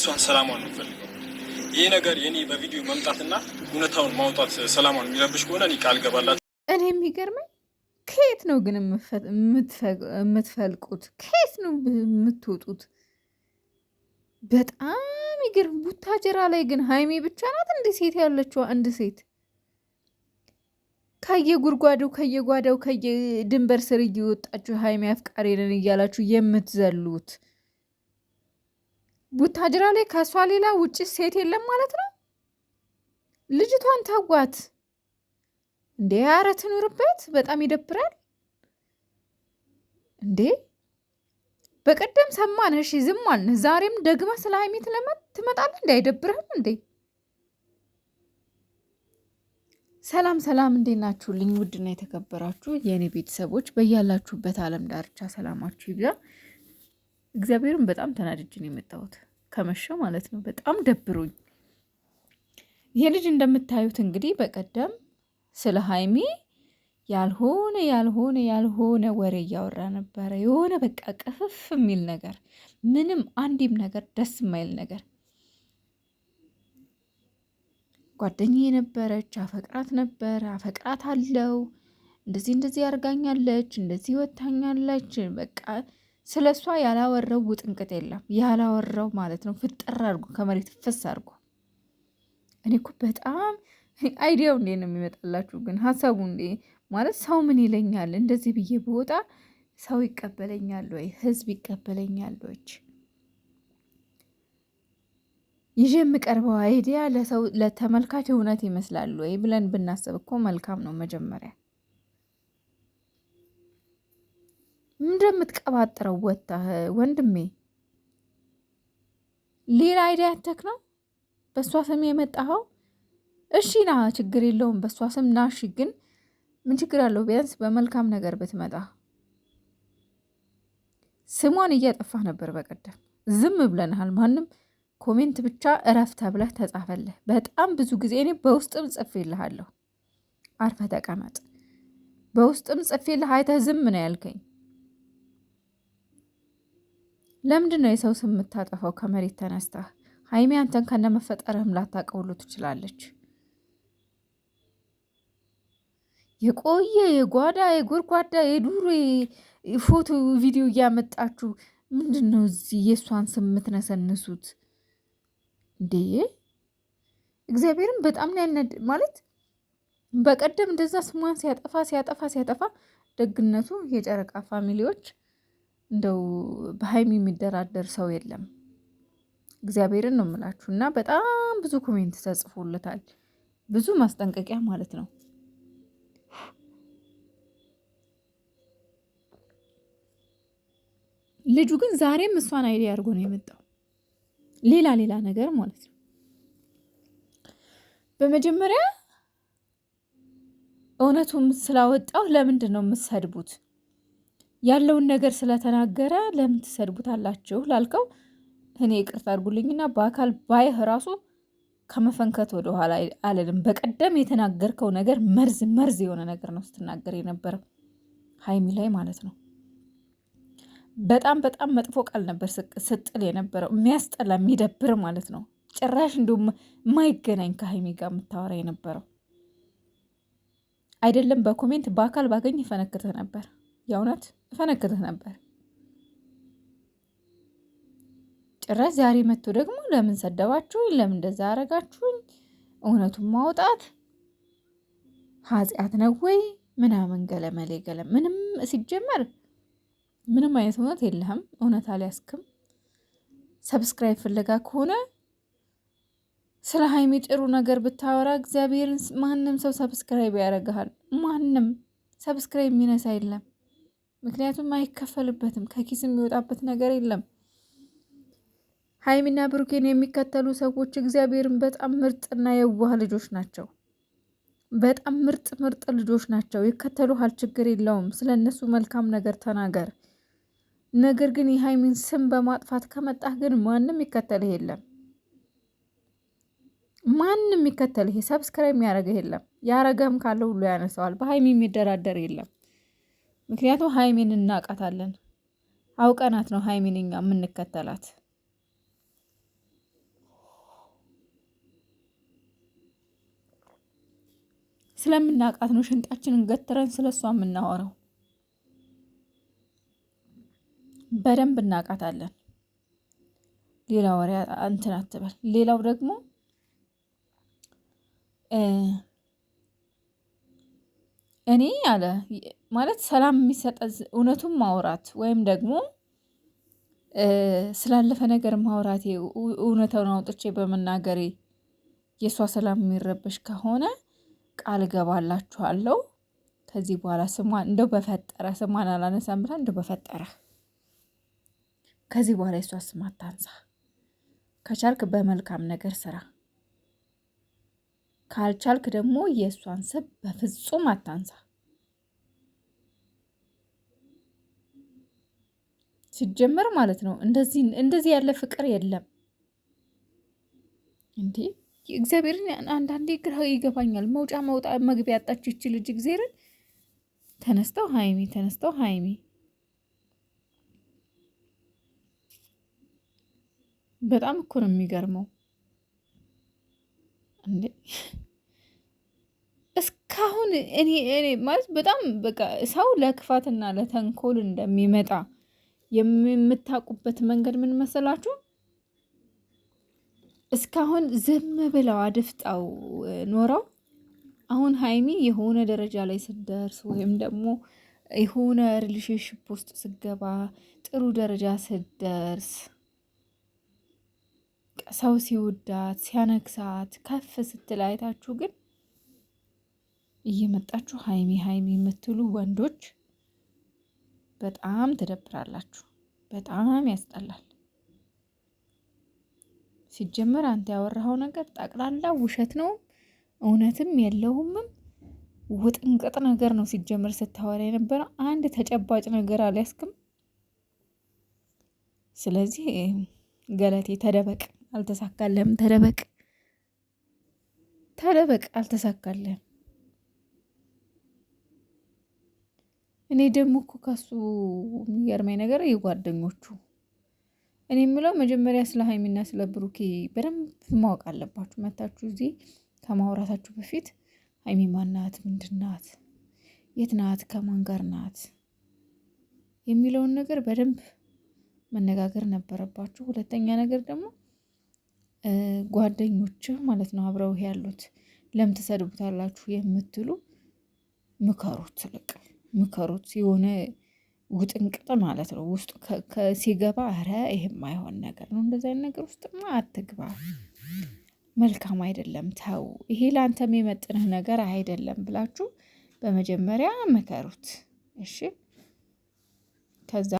እሷን ሰላሟን እንፈልገው። ይህ ነገር የኔ በቪዲዮ መምጣትና እውነታውን ማውጣት ሰላሟን የሚረብሽ ከሆነ እኔ ቃል ገባላት። እኔ የሚገርመኝ ከየት ነው ግን የምትፈልቁት? ከየት ነው የምትወጡት? በጣም ይገርም። ቡታጀራ ላይ ግን ሀይሜ ብቻ ናት እንደ ሴት ያለችው አንድ ሴት ከየጉድጓዱ ከየጓዳው ከየድንበር ስር እየወጣችሁ ሀይሜ አፍቃሪ ነን እያላችሁ የምትዘሉት ቡታጅራ ላይ ከእሷ ሌላ ውጭ ሴት የለም ማለት ነው። ልጅቷን ተዋት እንዴ! ኧረ ትኑርበት። በጣም ይደብራል እንዴ! በቀደም ሰማን፣ እሺ ዝም አልን። ዛሬም ደግመህ ስለ ሀይሚ ትመጣለህ እንዴ? አይደብርህም እንዴ? ሰላም ሰላም፣ እንዴት ናችሁልኝ? ውድና የተከበራችሁ የእኔ ቤተሰቦች በያላችሁበት ዓለም ዳርቻ ሰላማችሁ ይብዛ። እግዚአብሔርን በጣም ተናድጄ ነው የመጣሁት። ከመሸ ማለት ነው። በጣም ደብሮኝ ይሄ ልጅ እንደምታዩት እንግዲህ በቀደም ስለ ሀይሚ ያልሆነ ያልሆነ ያልሆነ ወሬ እያወራ ነበረ። የሆነ በቃ ቅፍፍ የሚል ነገር፣ ምንም አንዲም ነገር ደስ የማይል ነገር። ጓደኛዬ ነበረች፣ አፈቅራት ነበር፣ አፈቅራት አለው፣ እንደዚህ እንደዚህ ያርጋኛለች፣ እንደዚህ ወታኛለች፣ በቃ ስለ እሷ ያላወራው ውጥንቅጥ የለም። ያላወራው ማለት ነው ፍጥር አድርጎ ከመሬት ፍስ አድርጎ። እኔ እኮ በጣም አይዲያው እንዴ ነው የሚመጣላችሁ? ግን ሀሳቡ እንዴ ማለት ሰው ምን ይለኛል እንደዚህ ብዬ በወጣ ሰው ይቀበለኛል ወይ? ህዝብ ይቀበለኛል ወይ? ይዤ የምቀርበው አይዲያ ለተመልካች እውነት ይመስላል ወይ ብለን ብናስብ እኮ መልካም ነው መጀመሪያ እንደምትቀባጥረው ወጥተህ ወንድሜ ሌላ አይዲያ ያተክ ነው በእሷ ስም የመጣኸው። እሺ ና፣ ችግር የለውም በእሷ ስም ና። እሺ ግን ምን ችግር አለው? ቢያንስ በመልካም ነገር ብትመጣ። ስሟን እያጠፋህ ነበር በቀደም። ዝም ብለንሃል። ማንም ኮሜንት ብቻ እረፍ ተብለህ ተጻፈልህ። በጣም ብዙ ጊዜ እኔ በውስጥም ጽፌልሃለሁ። አርፈ ተቀመጥ። በውስጥም ጽፌልህ አይተህ ዝም ነው ያልከኝ። ለምንድን ነው የሰው ስም የምታጠፋው? ከመሬት ተነስታ ሀይሜ አንተን ከነመፈጠርህም ላታቀውሉ ትችላለች። የቆየ የጓዳ የጎርጓዳ የዱር ፎቶ ቪዲዮ እያመጣችሁ ምንድን ነው እዚህ የእሷን ስም የምትነሰንሱት እንዴ? እግዚአብሔርም በጣም ነው ያነድ ማለት በቀደም እንደዛ ስሟን ሲያጠፋ ሲያጠፋ ሲያጠፋ ደግነቱ የጨረቃ ፋሚሊዎች እንደው በሀይሚ የሚደራደር ሰው የለም። እግዚአብሔርን ነው የምላችሁ። እና በጣም ብዙ ኮሜንት ተጽፎለታል፣ ብዙ ማስጠንቀቂያ ማለት ነው። ልጁ ግን ዛሬም እሷን አይዲ አድርጎ ነው የመጣው፣ ሌላ ሌላ ነገር ማለት ነው። በመጀመሪያ እውነቱን ስላወጣው ለምንድን ነው የምትሰድቡት? ያለውን ነገር ስለተናገረ ለምን ትሰድቡታላችሁ ላልከው እኔ ይቅርታ አድርጉልኝና በአካል ባይህ ራሱ ከመፈንከት ወደ ኋላ አልልም። በቀደም የተናገርከው ነገር መርዝ መርዝ የሆነ ነገር ነው ስትናገር የነበረው ሀይሚ ላይ ማለት ነው። በጣም በጣም መጥፎ ቃል ነበር ስጥል የነበረው የሚያስጠላ የሚደብር ማለት ነው። ጭራሽ እንዲሁም የማይገናኝ ከሀይሚ ጋር የምታወራ የነበረው አይደለም። በኮሜንት በአካል ባገኝ ይፈነክተ ነበር። የእውነት እፈነክትህ ነበር። ጭራሽ ዛሬ መጥቶ ደግሞ ለምን ሰደባችሁኝ፣ ለምን እንደዛ አረጋችሁኝ፣ እውነቱን ማውጣት ኃጢአት ነው ወይ ምናምን ገለመሌ ገለ ምንም ሲጀመር ምንም አይነት እውነት የለህም። እውነት አልያዝክም። ሰብስክራይብ ፍለጋ ከሆነ ስለ ሀይሚ ጥሩ ነገር ብታወራ እግዚአብሔርን ማንም ሰው ሰብስክራይብ ያደርግሃል። ማንም ሰብስክራይብ የሚነሳ የለም። ምክንያቱም አይከፈልበትም፣ ከኪስ የሚወጣበት ነገር የለም። ሀይሚና ብሩኬን የሚከተሉ ሰዎች እግዚአብሔርን በጣም ምርጥና የዋህ ልጆች ናቸው። በጣም ምርጥ ምርጥ ልጆች ናቸው። ይከተሉሃል፣ ችግር የለውም። ስለ እነሱ መልካም ነገር ተናገር። ነገር ግን የሀይሚን ስም በማጥፋት ከመጣህ ግን ማንም ይከተልህ የለም። ማንም ይከተልህ ሰብስክራይብ ያደረገህ የለም። ያረገህም ካለ ሁሉ ያነሰዋል። በሀይሚ የሚደራደር የለም። ምክንያቱም ሀይሜን እናውቃታለን። አውቀናት ነው ሀይሜን እኛ የምንከተላት። ስለምናውቃት ነው ሽንጣችንን ገትረን ስለሷ የምናወራው። በደንብ እናውቃታለን። ሌላ ወሬ እንትን አትበል። ሌላው ደግሞ እኔ አለ ማለት ሰላም የሚሰጠ እውነቱን ማውራት ወይም ደግሞ ስላለፈ ነገር ማውራቴ እውነተውን አውጥቼ በመናገሬ የእሷ ሰላም የሚረበሽ ከሆነ ቃል እገባላችኋለሁ ከዚህ በኋላ ስሟን እንደው በፈጠረ ስሟን አላነሳም ብላ እንደው በፈጠረ ከዚህ በኋላ የእሷ ስም አታንሳ። ከቻልክ በመልካም ነገር ስራ። ካልቻልክ ደግሞ የእሷን ስም በፍጹም አታንሳ። ሲጀመር ማለት ነው እንደዚህ እንደዚህ ያለ ፍቅር የለም እንዴ! እግዚአብሔርን አንዳንዴ ግራ ይገባኛል። መውጫ መውጣ መግቢያ ያጣች ይቺ ልጅ እግዚአብሔርን ተነስተው ሀይሚ ተነስተው ሀይሚ በጣም እኮ ነው የሚገርመው። እስካሁን እኔ እኔ ማለት በጣም በቃ ሰው ለክፋትና ለተንኮል እንደሚመጣ የምታውቁበት መንገድ ምን መሰላችሁ? እስካሁን ዝም ብለው አድፍጣው ኖረው አሁን ሀይሚ የሆነ ደረጃ ላይ ስደርስ ወይም ደግሞ የሆነ ሪሌሽንሽፕ ውስጥ ስገባ ጥሩ ደረጃ ስደርስ ሰው ሲወዳት ሲያነግሳት ከፍ ስትል አይታችሁ ግን እየመጣችሁ ሀይሚ ሀይሚ የምትሉ ወንዶች በጣም ትደብራላችሁ። በጣም ያስጠላል። ሲጀመር አንተ ያወራኸው ነገር ጠቅላላ ውሸት ነው፣ እውነትም የለውምም ውጥንቅጥ ነገር ነው። ሲጀመር ስታወራ የነበረው አንድ ተጨባጭ ነገር አልያዝክም። ስለዚህ ገለቴ ተደበቅ። አልተሳካለም ተደበቅ ተደበቅ፣ አልተሳካለም። እኔ ደግሞ እኮ ከሱ የሚገርመኝ ነገር የጓደኞቹ እኔ የምለው መጀመሪያ ስለ ሀይሚና ስለ ብሩኬ በደንብ ማወቅ አለባችሁ። መታችሁ እዚህ ከማውራታችሁ በፊት ሀይሚ ማናት፣ ምንድናት? ናት፣ የት ናት፣ ከማን ጋር ናት የሚለውን ነገር በደንብ መነጋገር ነበረባችሁ። ሁለተኛ ነገር ደግሞ ጓደኞችህ ማለት ነው አብረውህ ያሉት ለምን ትሰድቡታላችሁ የምትሉ ምከሩት ልቅ ምከሩት የሆነ ውጥንቅጥ ማለት ነው ውስጡ ሲገባ ኧረ ይሄም አይሆን ነገር ነው እንደዚ አይነት ነገር ውስጥማ አትግባ መልካም አይደለም ተው ይሄ ለአንተም የመጥንህ ነገር አይደለም ብላችሁ በመጀመሪያ ምከሩት እሺ ከዛ